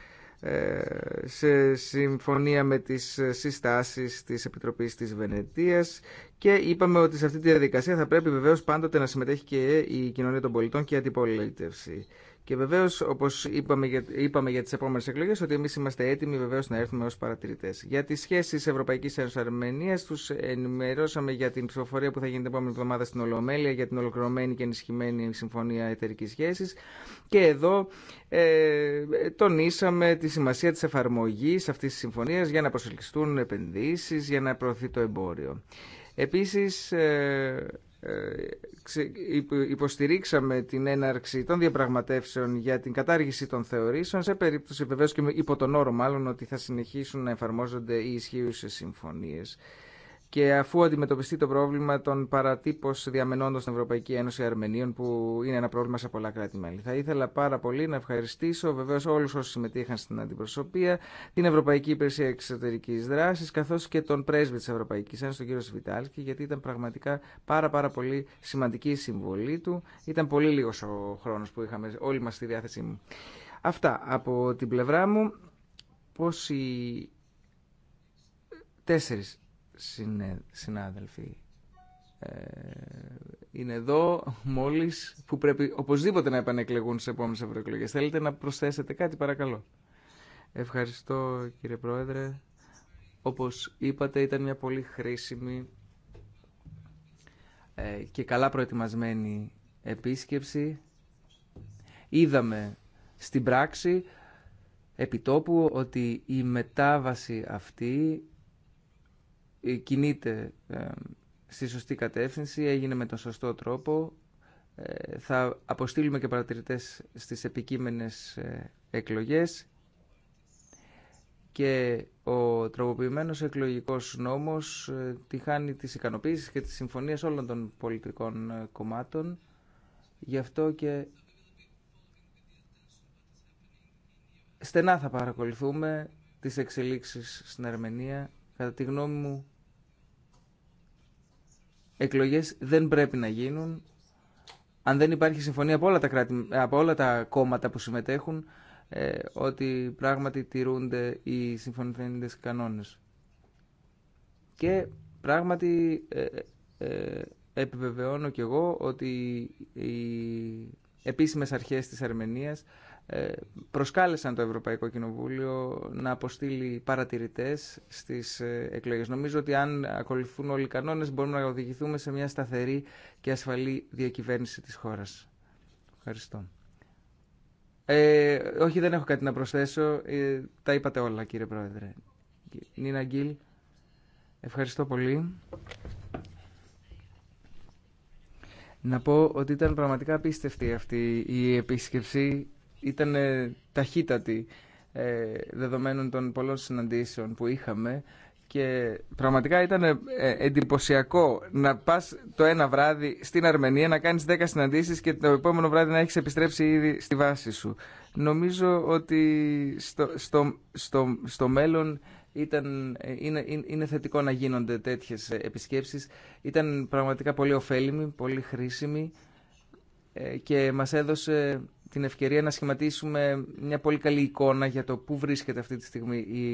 D: ε, σε συμφωνία με τις συστάσεις της Επιτροπής της Βενετίας και είπαμε ότι σε αυτή τη διαδικασία θα πρέπει βεβαίως πάντοτε να συμμετέχει και η κοινωνία των πολιτών και η αντιπολίτευση. Και βεβαίω, όπω είπαμε, για, είπαμε για τι επόμενε εκλογέ, ότι εμεί είμαστε έτοιμοι βεβαίω να έρθουμε ω παρατηρητέ. Για τι σχέσει Ευρωπαϊκή Ένωση Αρμενία, του ενημερώσαμε για την ψηφοφορία που θα γίνει την επόμενη εβδομάδα στην Ολομέλεια για την ολοκληρωμένη και ενισχυμένη συμφωνία εταιρική σχέση. Και εδώ ε, τονίσαμε τη σημασία τη εφαρμογή αυτή τη συμφωνία για να προσελκυστούν επενδύσει, για να προωθεί το εμπόριο. Επίση. ε, υποστηρίξαμε την έναρξη των διαπραγματεύσεων για την κατάργηση των θεωρήσεων σε περίπτωση βεβαίως και υπό τον όρο μάλλον ότι θα συνεχίσουν να εφαρμόζονται οι ισχύουσες συμφωνίες και αφού αντιμετωπιστεί το πρόβλημα των παρατύπω διαμενόντων στην Ευρωπαϊκή Ένωση Αρμενίων, που είναι ένα πρόβλημα σε πολλά κράτη-μέλη. Θα ήθελα πάρα πολύ να ευχαριστήσω βεβαίω όλου όσου συμμετείχαν στην αντιπροσωπεία, την Ευρωπαϊκή Υπηρεσία Εξωτερική Δράση, καθώ και τον πρέσβη τη Ευρωπαϊκή Ένωση, τον κύριο Σβιτάλκη, γιατί ήταν πραγματικά πάρα, πάρα πολύ σημαντική η συμβολή του. Ήταν πολύ λίγο ο χρόνο που είχαμε όλοι μα στη διάθεσή μου. Αυτά από την πλευρά μου. Πόσοι τέσσερι συνάδελφοι. Ε, είναι εδώ μόλις που πρέπει οπωσδήποτε να επανεκλεγούν σε επόμενες ευρωεκλογές. Θέλετε να προσθέσετε κάτι παρακαλώ. Ευχαριστώ κύριε Πρόεδρε. Όπως είπατε ήταν μια πολύ χρήσιμη ε, και καλά προετοιμασμένη επίσκεψη. Είδαμε στην πράξη επιτόπου ότι η μετάβαση αυτή ε, κινείται ε, στη σωστή κατεύθυνση, έγινε με τον σωστό τρόπο. Ε, θα αποστείλουμε και παρατηρητές στις επικείμενες εκλογές και ο τροποποιημένος εκλογικός νόμος τη χάνει τις ικανοποίησεις και τις συμφωνίες όλων των πολιτικών κομμάτων. Γι' αυτό και στενά θα παρακολουθούμε τις εξελίξεις στην Αρμενία. Κατά τη γνώμη μου εκλογές δεν πρέπει να γίνουν αν δεν υπάρχει συμφωνία από όλα τα, κράτη, από όλα τα κόμματα που συμμετέχουν ε, ότι πράγματι τηρούνται οι συμφωνημένες κανόνες. Και πράγματι ε, ε, ε επιβεβαιώνω και εγώ ότι οι επίσημες αρχές της Αρμενίας ε, προσκάλεσαν το Ευρωπαϊκό Κοινοβούλιο να αποστείλει παρατηρητές στις ε, εκλογές. Νομίζω ότι αν ακολουθούν όλοι οι κανόνες μπορούμε να οδηγηθούμε σε μια σταθερή και ασφαλή διακυβέρνηση της χώρας. Ευχαριστώ. Ε, όχι, δεν έχω κάτι να προσθέσω. τα είπατε όλα, κύριε Πρόεδρε. Νίνα Γκίλ, ευχαριστώ πολύ. Να πω ότι ήταν πραγματικά απίστευτη αυτή η επίσκεψη ήταν ταχύτατη ε, δεδομένων των πολλών συναντήσεων που είχαμε και πραγματικά ήταν ε, εντυπωσιακό να πας το ένα βράδυ στην Αρμενία να κάνεις 10 συναντήσεις και το επόμενο βράδυ να έχεις επιστρέψει ήδη στη βάση σου. Νομίζω ότι στο, στο, στο, στο μέλλον ήταν, ε, είναι, είναι θετικό να γίνονται τέτοιες επισκέψεις. Ήταν πραγματικά πολύ ωφέλιμη, πολύ χρήσιμη και μας έδωσε την ευκαιρία να σχηματίσουμε μια πολύ καλή εικόνα για το πού βρίσκεται αυτή τη στιγμή η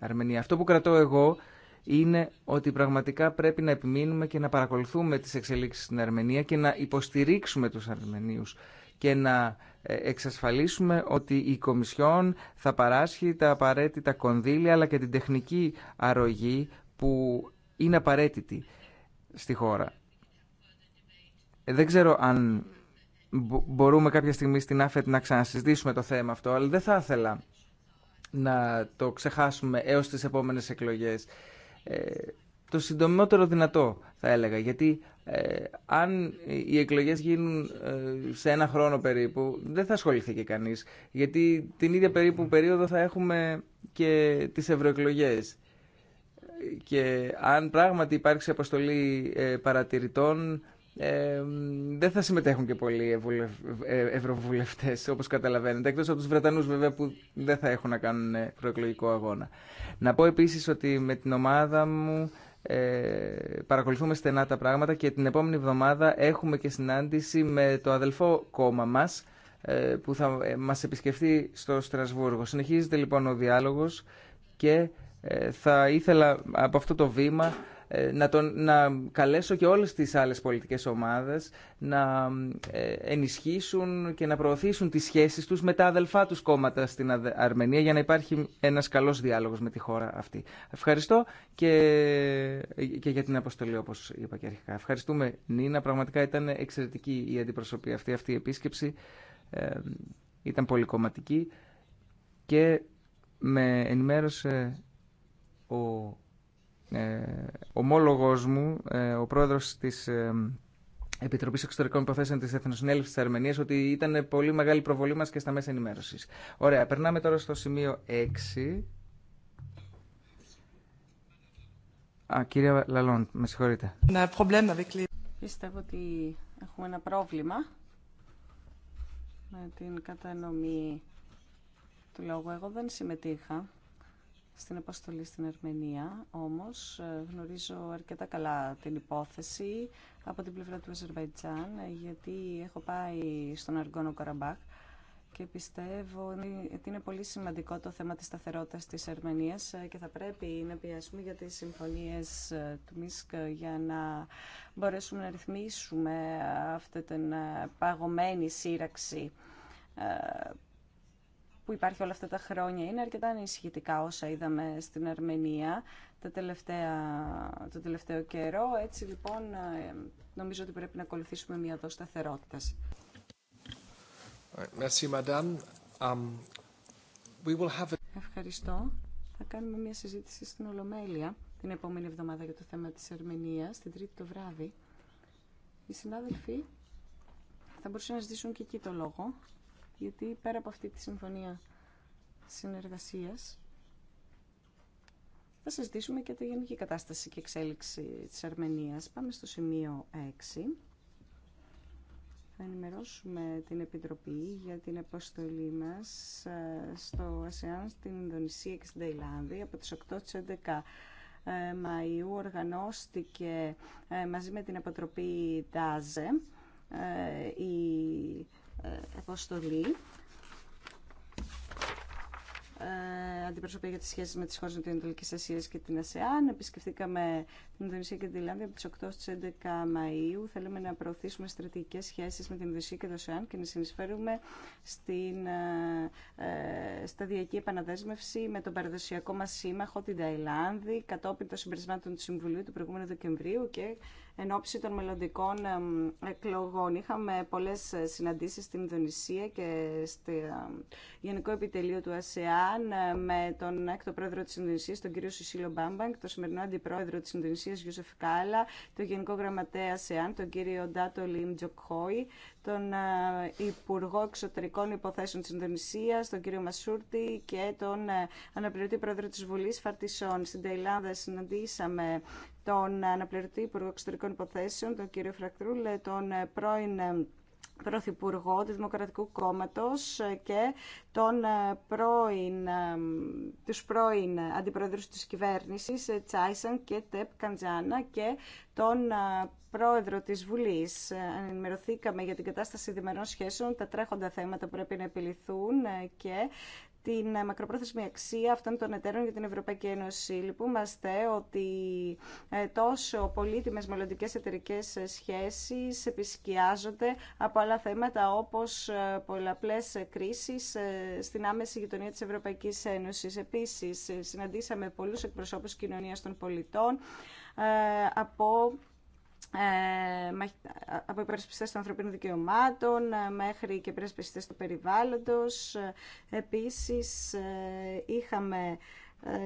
D: Αρμενία. Αυτό που κρατώ εγώ είναι ότι πραγματικά πρέπει να επιμείνουμε και να παρακολουθούμε τις εξελίξεις στην Αρμενία και να υποστηρίξουμε τους Αρμενίους και να ε, εξασφαλίσουμε ότι η Κομισιόν θα παράσχει τα απαραίτητα κονδύλια αλλά και την τεχνική αρρωγή που είναι απαραίτητη στη χώρα. Ε, δεν ξέρω αν μπορούμε κάποια στιγμή στην ΑΦΕΤ να ξανασυζητήσουμε το θέμα αυτό, αλλά δεν θα ήθελα να το ξεχάσουμε έως τις επόμενες εκλογές. Ε, το συντομότερο δυνατό θα έλεγα, γιατί ε, αν οι εκλογές γίνουν ε, σε ένα χρόνο περίπου, δεν θα ασχοληθεί και κανείς, γιατί την ίδια περίπου περίοδο θα έχουμε και τις ευρωεκλογέ. Και αν πράγματι υπάρξει αποστολή παρατηρητών, δεν θα συμμετέχουν και πολλοί ε, ευρωβουλευτέ, όπω καταλαβαίνετε. Εκτό από του Βρετανού, βέβαια, που δεν θα έχουν να κάνουν ε, προεκλογικό αγώνα. Να πω επίση ότι με την ομάδα μου ε, παρακολουθούμε στενά τα πράγματα και την επόμενη εβδομάδα έχουμε και συνάντηση με το αδελφό κόμμα μα ε, που θα ε, μας επισκεφτεί στο Στρασβούργο. Συνεχίζεται λοιπόν ο διάλογο και θα ήθελα από αυτό το βήμα ε, να, τον, καλέσω και όλες τις άλλες πολιτικές ομάδες να ε, ενισχύσουν και να προωθήσουν τις σχέσεις τους με τα αδελφά τους κόμματα στην Αρμενία για να υπάρχει ένας καλός διάλογος με τη χώρα αυτή. Ευχαριστώ και, και για την αποστολή όπως είπα και αρχικά. Ευχαριστούμε Νίνα, πραγματικά ήταν εξαιρετική η αντιπροσωπή αυτή, αυτή η επίσκεψη. Ε, ήταν πολυκομματική και με ενημέρωσε ο ε, ομόλογος μου, ε, ο πρόεδρος της ε, Επιτροπής Εξωτερικών Υποθέσεων της Εθνοσυνέλευσης τη Αρμενίας ότι ήταν πολύ μεγάλη προβολή μας και στα μέσα ενημέρωσης. Ωραία, περνάμε τώρα στο σημείο 6. Α, κύριε Λαλόν, με συγχωρείτε.
B: Πιστεύω ότι έχουμε ένα πρόβλημα με την κατανομή του λόγου. Εγώ δεν συμμετείχα στην αποστολή στην Αρμενία, όμως ε, γνωρίζω αρκετά καλά την υπόθεση από την πλευρά του Αζερβαϊτζάν, ε, γιατί έχω πάει στον Αργόνο Καραμπάχ και πιστεύω ότι είναι πολύ σημαντικό το θέμα της σταθερότητας της Αρμενίας ε, και θα πρέπει να πιάσουμε για τις συμφωνίες του ΜΙΣΚ για να μπορέσουμε να ρυθμίσουμε αυτή την παγωμένη σύραξη που υπάρχει όλα αυτά τα χρόνια. Είναι αρκετά ανησυχητικά όσα είδαμε στην Αρμενία τα τελευταία, το τελευταίο καιρό. Έτσι λοιπόν ε, νομίζω ότι πρέπει να ακολουθήσουμε μια δόση σταθερότητα. Um, Ευχαριστώ. Θα κάνουμε μια συζήτηση στην Ολομέλεια την επόμενη εβδομάδα για το θέμα της Αρμενίας, την Τρίτη το βράδυ. Οι συνάδελφοι θα μπορούσαν να ζητήσουν και εκεί το λόγο, γιατί πέρα από αυτή τη συμφωνία συνεργασίας θα συζητήσουμε και τη γενική κατάσταση και εξέλιξη της Αρμενίας. Πάμε στο σημείο 6. Θα ενημερώσουμε την Επιτροπή για την αποστολή μας ε, στο ΑΣΕΑΝ, στην Ινδονησία και στην Ταϊλάνδη από τις 8 11 ε, Μαΐου οργανώστηκε ε, μαζί με την αποτροπή ΤΑΖΕ η ε, αποστολή αντιπροσωπεία για τις σχέσεις με τις χώρες Ανατολική Ασία και την ΑΣΕΑΝ. Επισκεφθήκαμε την Ινδονησία και την Ιλάνδη από τις 8 στις 11 Μαΐου. Θέλουμε να προωθήσουμε στρατηγικές σχέσεις με την Ινδονησία και την ΑΣΕΑΝ και να συνεισφέρουμε στην ε, ε, σταδιακή επαναδέσμευση με τον παραδοσιακό μας σύμμαχο την Ταϊλάνδη κατόπιν των συμπερισμάτων του Συμβουλίου του προηγούμενου Δεκεμβρίου και εν ώψη των μελλοντικών εκλογών. Είχαμε πολλές συναντήσεις στην Ινδονησία και στο ε, Γενικό Επιτελείο του ΑΣΕΑΝ ε, με τον έκτο πρόεδρο της Ινδονησίας, τον κύριο Σουσίλο Μπάμπανκ, τον σημερινό αντιπρόεδρο της Ινδονησίας, Γιούσεφ Κάλα, τον γενικό γραμματέα ΣΕΑΝ, τον κύριο Ντάτο Λιμ Τζοκχόη, τον ε, Υπουργό Εξωτερικών Υποθέσεων της Ινδονησίας, τον κύριο Μασούρτη και τον ε, αναπληρωτή πρόεδρο της Βουλής Φαρτισών. Στην Ταϊλάνδα συναντήσαμε τον αναπληρωτή Υπουργό Εξωτερικών Υποθέσεων, τον κύριο Φρακτρούλε, τον ε, πρώην Πρωθυπουργό του Δημοκρατικού Κόμματος και τον ε, πρώην, ε, τους πρώην αντιπρόεδρους της κυβέρνησης ε, Τσάισαν και Τεπ Καντζάνα και τον πρόεδρο της Βουλής. Ενημερωθήκαμε για την κατάσταση διμερών σχέσεων, τα τρέχοντα θέματα που πρέπει να επιληθούν και την ε, μακροπρόθεσμη αξία αυτών των εταίρων για την Ευρωπαϊκή Ένωση. Λυπούμαστε ότι ε, τόσο πολύτιμες μελλοντικέ εταιρικέ ε, σχέσεις επισκιάζονται από άλλα θέματα όπως πολλαπλές κρίσεις στην άμεση γειτονία της Ευρωπαϊκής Ένωσης. Επίσης, συναντήσαμε πολλούς εκπροσώπους κοινωνίας των πολιτών από ε, από υπερασπιστές των ανθρωπίνων δικαιωμάτων ε, μέχρι και υπερασπιστές του περιβάλλοντος. Ε, επίσης είχαμε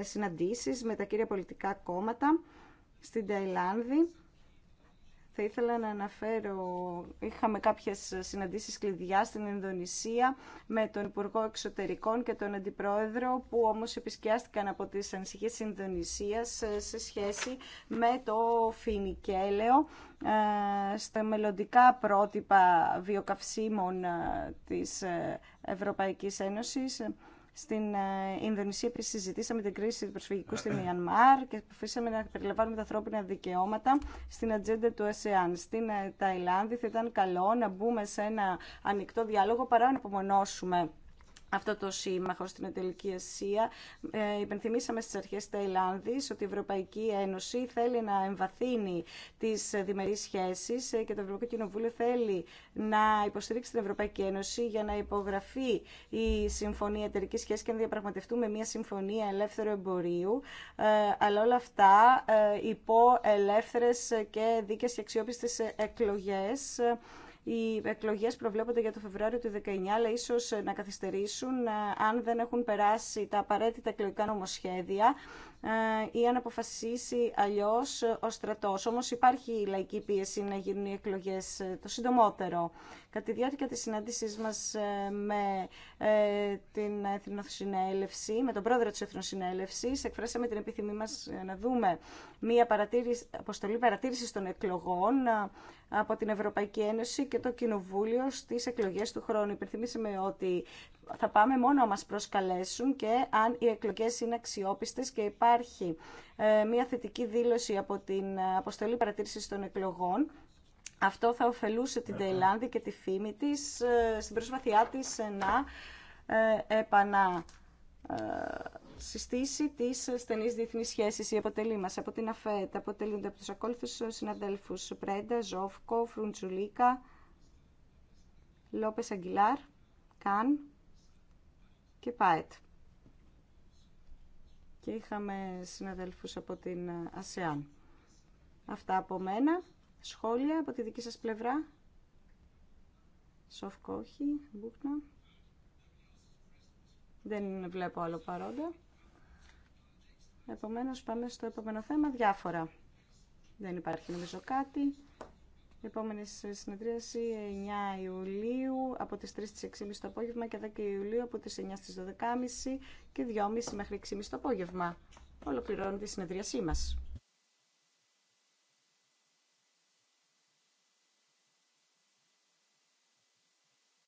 B: συναντήσεις με τα κύρια πολιτικά κόμματα στην Ταϊλάνδη θα ήθελα να αναφέρω, είχαμε κάποιες συναντήσεις κλειδιά στην Ινδονησία με τον Υπουργό Εξωτερικών και τον Αντιπρόεδρο που όμως επισκιάστηκαν από τις ανησυχίες της Ινδονησίας σε σχέση με το έλεο ε, στα μελλοντικά πρότυπα βιοκαυσίμων ε, της ε, Ευρωπαϊκής Ένωσης στην ε, Ινδονησία επίση συζητήσαμε την κρίση του προσφυγικού στην Μιανμάρ και αποφύσαμε να περιλαμβάνουμε τα ανθρώπινα δικαιώματα στην ατζέντα του ΑΣΕΑΝ. Στην ε, Ταϊλάνδη θα ήταν καλό να μπούμε σε ένα ανοιχτό διάλογο παρά να απομονώσουμε αυτό το σύμμαχο στην Τελική Ασία. Ε, υπενθυμίσαμε στις αρχές Ταϊλάνδης ότι η Ευρωπαϊκή Ένωση θέλει να εμβαθύνει τις διμερείς σχέσεις ε, και το Ευρωπαϊκό Κοινοβούλιο θέλει να υποστηρίξει την Ευρωπαϊκή Ένωση για να υπογραφεί η Συμφωνία Εταιρική Σχέση και να διαπραγματευτούμε μια Συμφωνία Ελεύθερου Εμπορίου, ε, αλλά όλα αυτά υπό ελεύθερες και δίκαιες και αξιόπιστες εκλογές οι εκλογέ προβλέπονται για το Φεβρουάριο του 19, αλλά ίσω να καθυστερήσουν ε, αν δεν έχουν περάσει τα απαραίτητα εκλογικά νομοσχέδια ε, ή αν αποφασίσει αλλιώς ο στρατός. Όμως υπάρχει η αν αποφασισει αλλιώ ο στρατό. Όμω υπαρχει η λαικη πιεση να γίνουν οι εκλογές ε, το συντομότερο. Κατά τη διάρκεια τη συνάντησή μας ε, με την Εθνοσυνέλευση, με τον πρόεδρο της Εθνοσυνέλευση, εκφράσαμε την επιθυμία μας να δούμε μία παρατήρηση, αποστολή παρατήρηση των εκλογών από την Ευρωπαϊκή Ένωση και το Κοινοβούλιο στις εκλογές του χρόνου. Υπενθυμίσαμε ότι θα πάμε μόνο μας προσκαλέσουν και αν οι εκλογές είναι αξιόπιστες και υπάρχει ε, μια θετική δήλωση από την αποστολή παρατήρησης των εκλογών αυτό θα ωφελούσε την Ταϊλάνδη και τη φήμη της ε, στην προσπάθειά της να ε, επανα συστήσει τι στενέ διεθνεί σχέσει. Η αποτελεί μα από την ΑΦΕΤ αποτελούνται από του ακόλουθου συναδέλφου Πρέντα, Ζόφκο, Φρουντζουλίκα, Λόπε Αγγιλάρ, Καν, και ΠΑΕΤ. Και είχαμε συναδέλφους από την ΑΣΕΑΝ. Αυτά από μένα. Σχόλια από τη δική σας πλευρά. Σοφκόχη, Μπούχνα. Δεν βλέπω άλλο παρόντα. Επομένως πάμε στο επόμενο θέμα, διάφορα. Δεν υπάρχει νομίζω κάτι. Η επόμενη συνεδρίαση 9 Ιουλίου από τις 3 στις 6.30 το απόγευμα και 10 Ιουλίου από τις 9 στις 12.30 και 2.30 μέχρι 6.30 το απόγευμα. Ολοκληρώνει τη συνεδρίασή μας.